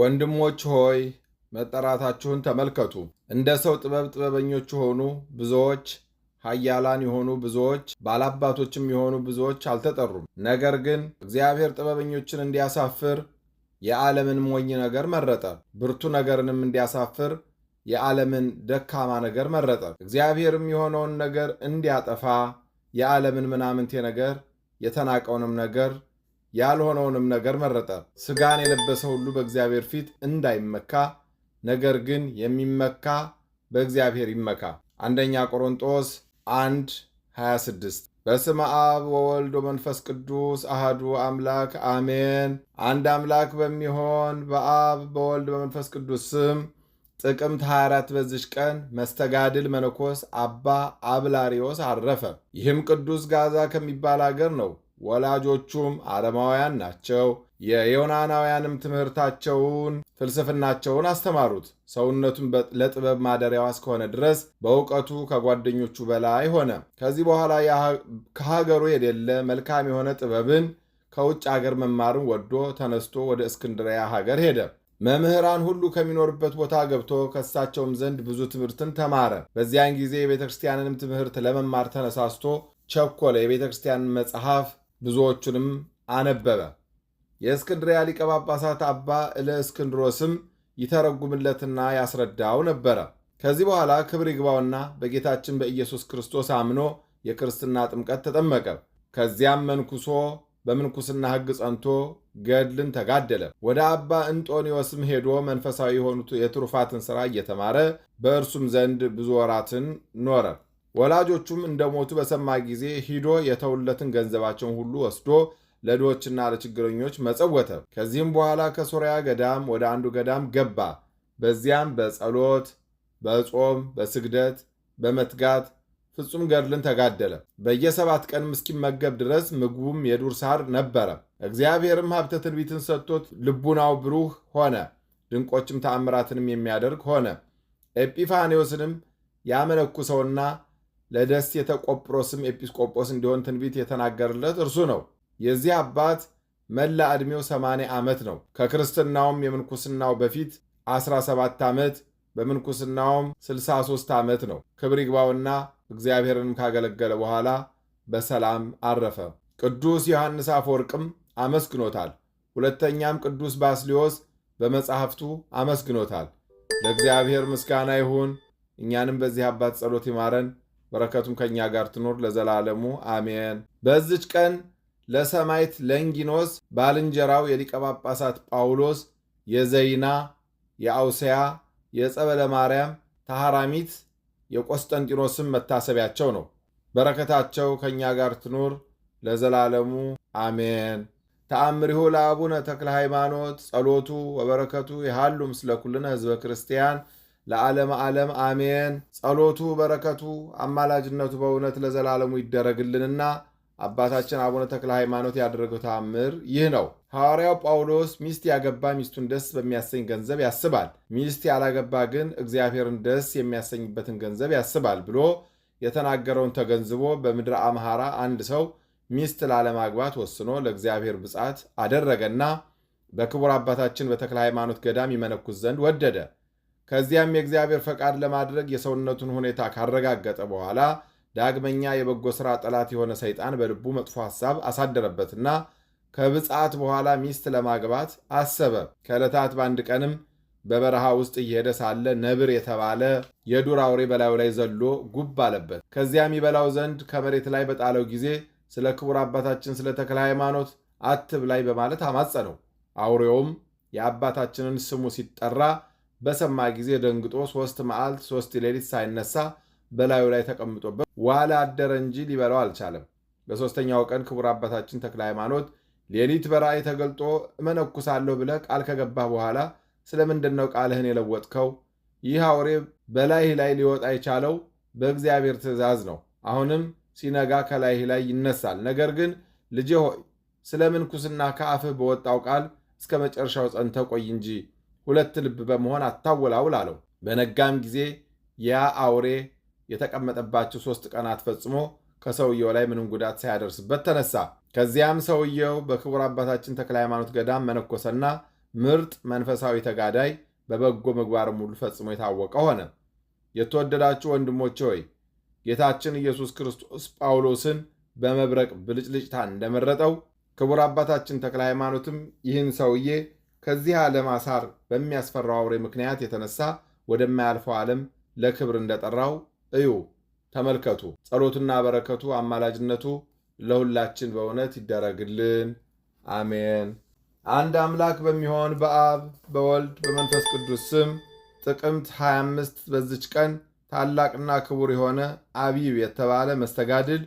ወንድሞች ሆይ መጠራታችሁን ተመልከቱ። እንደ ሰው ጥበብ ጥበበኞች የሆኑ ብዙዎች፣ ኃያላን የሆኑ ብዙዎች፣ ባላባቶችም የሆኑ ብዙዎች አልተጠሩም። ነገር ግን እግዚአብሔር ጥበበኞችን እንዲያሳፍር የዓለምን ሞኝ ነገር መረጠ፣ ብርቱ ነገርንም እንዲያሳፍር የዓለምን ደካማ ነገር መረጠ። እግዚአብሔርም የሆነውን ነገር እንዲያጠፋ የዓለምን ምናምንቴ ነገር የተናቀውንም ነገር ያልሆነውንም ነገር መረጠ። ስጋን የለበሰ ሁሉ በእግዚአብሔር ፊት እንዳይመካ፣ ነገር ግን የሚመካ በእግዚአብሔር ይመካ። አንደኛ ቆሮንጦስ 1 26 በስመ አብ ወወልድ ወመንፈስ ቅዱስ አህዱ አምላክ አሜን። አንድ አምላክ በሚሆን በአብ በወልድ በመንፈስ ቅዱስ ስም ጥቅምት 24 በዚች ቀን መስተጋድል መነኮስ አባ አብላሪዮስ አረፈ። ይህም ቅዱስ ጋዛ ከሚባል አገር ነው። ወላጆቹም አረማውያን ናቸው። የዮናናውያንም ትምህርታቸውን ፍልስፍናቸውን አስተማሩት። ሰውነቱን ለጥበብ ማደሪያዋ እስከሆነ ድረስ በእውቀቱ ከጓደኞቹ በላይ ሆነ። ከዚህ በኋላ ከሀገሩ የሌለ መልካም የሆነ ጥበብን ከውጭ አገር መማርን ወዶ ተነስቶ ወደ እስክንድሪያ ሀገር ሄደ። መምህራን ሁሉ ከሚኖርበት ቦታ ገብቶ ከእሳቸውም ዘንድ ብዙ ትምህርትን ተማረ። በዚያን ጊዜ የቤተ ክርስቲያንንም ትምህርት ለመማር ተነሳስቶ ቸኮለ። የቤተ ክርስቲያንን መጽሐፍ ብዙዎቹንም አነበበ። የእስክንድርያ ሊቀ ጳጳሳት አባ እለእስክንድሮስም ይተረጉምለትና ያስረዳው ነበረ። ከዚህ በኋላ ክብር ይግባውና በጌታችን በኢየሱስ ክርስቶስ አምኖ የክርስትና ጥምቀት ተጠመቀ። ከዚያም መንኩሶ በምንኩስና ሕግ ጸንቶ ገድልን ተጋደለ። ወደ አባ እንጦኒዎስም ሄዶ መንፈሳዊ የሆኑት የትሩፋትን ሥራ እየተማረ በእርሱም ዘንድ ብዙ ወራትን ኖረ። ወላጆቹም እንደሞቱ በሰማ ጊዜ ሂዶ የተውለትን ገንዘባቸውን ሁሉ ወስዶ ለድሆችና ለችግረኞች መጸወተ። ከዚህም በኋላ ከሶርያ ገዳም ወደ አንዱ ገዳም ገባ። በዚያም በጸሎት በጾም በስግደት በመትጋት ፍጹም ገድልን ተጋደለ። በየሰባት ቀንም እስኪመገብ ድረስ ምግቡም የዱር ሳር ነበረ። እግዚአብሔርም ሀብተ ትንቢትን ሰጥቶት ልቡናው ብሩህ ሆነ። ድንቆችም ተአምራትንም የሚያደርግ ሆነ። ኤጲፋኔዎስንም ያመነኩሰውና ለደሴተ ቆጵሮስም ኤጲስቆጶስ እንዲሆን ትንቢት የተናገረለት እርሱ ነው። የዚህ አባት መላ ዕድሜው 80 ዓመት ነው። ከክርስትናውም የምንኩስናው በፊት 17 ዓመት በምንኩስናውም 63 ዓመት ነው። ክብር ይግባውና እግዚአብሔርንም ካገለገለ በኋላ በሰላም አረፈ። ቅዱስ ዮሐንስ አፈወርቅም አመስግኖታል። ሁለተኛም ቅዱስ ባስሊዮስ በመጻሕፍቱ አመስግኖታል። ለእግዚአብሔር ምስጋና ይሁን። እኛንም በዚህ አባት ጸሎት ይማረን። በረከቱም ከእኛ ጋር ትኖር ለዘላለሙ አሜን። በዚች ቀን ለሰማይት ለንጊኖስ ባልንጀራው የሊቀ ጳጳሳት ጳውሎስ፣ የዘይና፣ የአውስያ፣ የጸበለ ማርያም ተሐራሚት የቆስጠንጢኖስም መታሰቢያቸው ነው። በረከታቸው ከእኛ ጋር ትኑር ለዘላለሙ አሜን። ተአምሪሁ ለአቡነ ተክለ ሃይማኖት ጸሎቱ ወበረከቱ የሃሉ ምስለ ኩልነ ህዝበ ክርስቲያን ለዓለም ዓለም አሜን። ጸሎቱ በረከቱ አማላጅነቱ በእውነት ለዘላለሙ ይደረግልንና አባታችን አቡነ ተክለ ሃይማኖት ያደረገው ተአምር ይህ ነው። ሐዋርያው ጳውሎስ ሚስት ያገባ ሚስቱን ደስ በሚያሰኝ ገንዘብ ያስባል፣ ሚስት ያላገባ ግን እግዚአብሔርን ደስ የሚያሰኝበትን ገንዘብ ያስባል ብሎ የተናገረውን ተገንዝቦ በምድረ አምሃራ አንድ ሰው ሚስት ላለማግባት ወስኖ ለእግዚአብሔር ብጻት አደረገና በክቡር አባታችን በተክለ ሃይማኖት ገዳም ይመነኩስ ዘንድ ወደደ። ከዚያም የእግዚአብሔር ፈቃድ ለማድረግ የሰውነቱን ሁኔታ ካረጋገጠ በኋላ ዳግመኛ የበጎ ሥራ ጠላት የሆነ ሰይጣን በልቡ መጥፎ ሐሳብ አሳደረበትና ከብፅዓት በኋላ ሚስት ለማግባት አሰበ። ከዕለታት በአንድ ቀንም በበረሃ ውስጥ እየሄደ ሳለ ነብር የተባለ የዱር አውሬ በላዩ ላይ ዘሎ ጉብ አለበት። ከዚያም ይበላው ዘንድ ከመሬት ላይ በጣለው ጊዜ ስለ ክቡር አባታችን ስለ ተክለ ሃይማኖት ላይ በማለት አማጸነው። አውሬውም የአባታችንን ስሙ ሲጠራ በሰማ ጊዜ ደንግጦ ሶስት መዓልት ሶስት ሌሊት ሳይነሳ በላዩ ላይ ተቀምጦበት ዋለ አደረ እንጂ ሊበላው አልቻለም። በሦስተኛው ቀን ክቡር አባታችን ተክለ ሃይማኖት ሌሊት በራእይ ተገልጦ እመነኩሳለሁ ብለህ ቃል ከገባህ በኋላ ስለምንድን ነው ቃልህን የለወጥከው? ይህ አውሬ በላይህ ላይ ሊወጣ የቻለው በእግዚአብሔር ትእዛዝ ነው። አሁንም ሲነጋ ከላይህ ላይ ይነሳል። ነገር ግን ልጄ ሆይ ስለ ምንኩስና ከአፍህ በወጣው ቃል እስከ መጨረሻው ጸንተህ ቆይ እንጂ ሁለት ልብ በመሆን አታወላውል አለው። በነጋም ጊዜ ያ አውሬ የተቀመጠባቸው ሦስት ቀናት ፈጽሞ ከሰውየው ላይ ምንም ጉዳት ሳያደርስበት ተነሳ። ከዚያም ሰውየው በክቡር አባታችን ተክለ ሃይማኖት ገዳም መነኮሰና ምርጥ መንፈሳዊ ተጋዳይ በበጎ ምግባርም ሁሉ ፈጽሞ የታወቀ ሆነ። የተወደዳችሁ ወንድሞቼ ሆይ ጌታችን ኢየሱስ ክርስቶስ ጳውሎስን በመብረቅ ብልጭልጭታ እንደመረጠው ክቡር አባታችን ተክለ ሃይማኖትም ይህን ሰውዬ ከዚህ ዓለም አሳር በሚያስፈራው አውሬ ምክንያት የተነሳ ወደማያልፈው ዓለም ለክብር እንደጠራው እዩ፣ ተመልከቱ። ጸሎቱና በረከቱ አማላጅነቱ ለሁላችን በእውነት ይደረግልን፣ አሜን። አንድ አምላክ በሚሆን በአብ በወልድ በመንፈስ ቅዱስ ስም ጥቅምት 25 በዚች ቀን ታላቅና ክቡር የሆነ አቢብ የተባለ መስተጋድል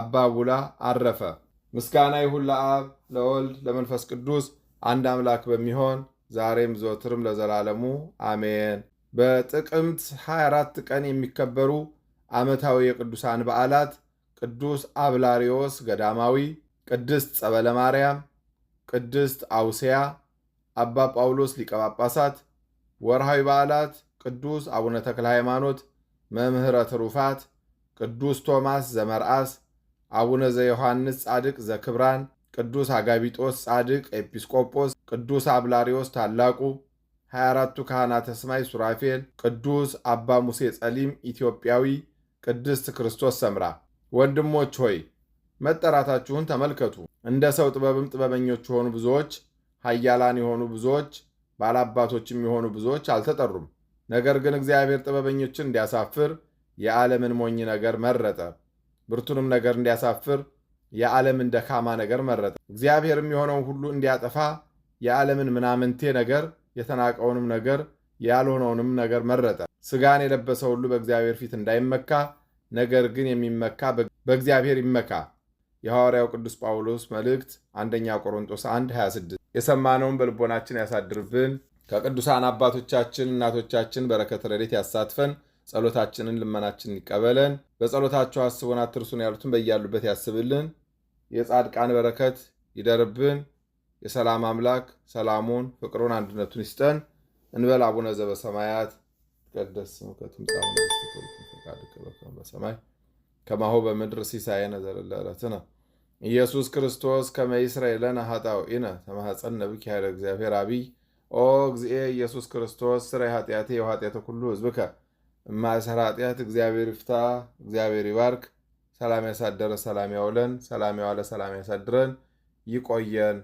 አባ ቡላ አረፈ። ምስጋና ይሁን ለአብ ለወልድ ለመንፈስ ቅዱስ አንድ አምላክ በሚሆን ዛሬም ዘወትርም ለዘላለሙ አሜን። በጥቅምት 24 ቀን የሚከበሩ ዓመታዊ የቅዱሳን በዓላት ቅዱስ አብላሪዎስ ገዳማዊ፣ ቅድስት ጸበለ ማርያም፣ ቅድስት አውስያ፣ አባ ጳውሎስ ሊቀ ጳጳሳት። ወርሃዊ በዓላት ቅዱስ አቡነ ተክለ ሃይማኖት መምህረ ትሩፋት፣ ቅዱስ ቶማስ ዘመርአስ፣ አቡነ ዘዮሐንስ ጻድቅ ዘክብራን ቅዱስ አጋቢጦስ ጻድቅ ኤጲስቆጶስ፣ ቅዱስ አብላሪዎስ ታላቁ፣ 24ቱ ካህናተ ሰማይ ሱራፌል፣ ቅዱስ አባ ሙሴ ጸሊም ኢትዮጵያዊ፣ ቅድስት ክርስቶስ ሰምራ። ወንድሞች ሆይ መጠራታችሁን ተመልከቱ። እንደ ሰው ጥበብም ጥበበኞች የሆኑ ብዙዎች፣ ኃያላን የሆኑ ብዙዎች፣ ባላባቶችም የሆኑ ብዙዎች አልተጠሩም። ነገር ግን እግዚአብሔር ጥበበኞችን እንዲያሳፍር የዓለምን ሞኝ ነገር መረጠ፣ ብርቱንም ነገር እንዲያሳፍር የዓለምን ደካማ ነገር መረጠ። እግዚአብሔርም የሆነውን ሁሉ እንዲያጠፋ የዓለምን ምናምንቴ ነገር፣ የተናቀውንም ነገር፣ ያልሆነውንም ነገር መረጠ። ሥጋን የለበሰ ሁሉ በእግዚአብሔር ፊት እንዳይመካ፣ ነገር ግን የሚመካ በእግዚአብሔር ይመካ። የሐዋርያው ቅዱስ ጳውሎስ መልእክት አንደኛ ቆሮንጦስ 1 26 የሰማነውን በልቦናችን ያሳድርብን። ከቅዱሳን አባቶቻችን እናቶቻችን በረከት ረድኤት ያሳትፈን። ጸሎታችንን ልመናችንን ይቀበለን። በጸሎታችሁ አስቡን አትርሱን ያሉትን በያሉበት ያስብልን። የጻድቃን በረከት ይደርብን። የሰላም አምላክ ሰላሙን፣ ፍቅሩን፣ አንድነቱን ይስጠን እንበል። አቡነ ዘበሰማያት ይትቀደስ ስምከ ትምጻእ መንግሥትከ ወበከመ በሰማይ ከማሁ በምድር ሲሳየነ ዘለለዕለትነ ኢየሱስ ክርስቶስ ከመ ይስረይ ለነ ኃጣውኢነ ተማኅፀነ ብከ ኃይለ እግዚአብሔር አብይ ኦ እግዚኤ ኢየሱስ ክርስቶስ ስረይ ኃጢአቴ ወኃጢአተ ኩሉ ሕዝብከ ማእሰረ ኃጢአት እግዚአብሔር ይፍታ፣ እግዚአብሔር ይባርክ። ሰላም ያሳደረ ሰላም ያውለን፣ ሰላም ያዋለ ሰላም ያሳድረን። ይቆየን።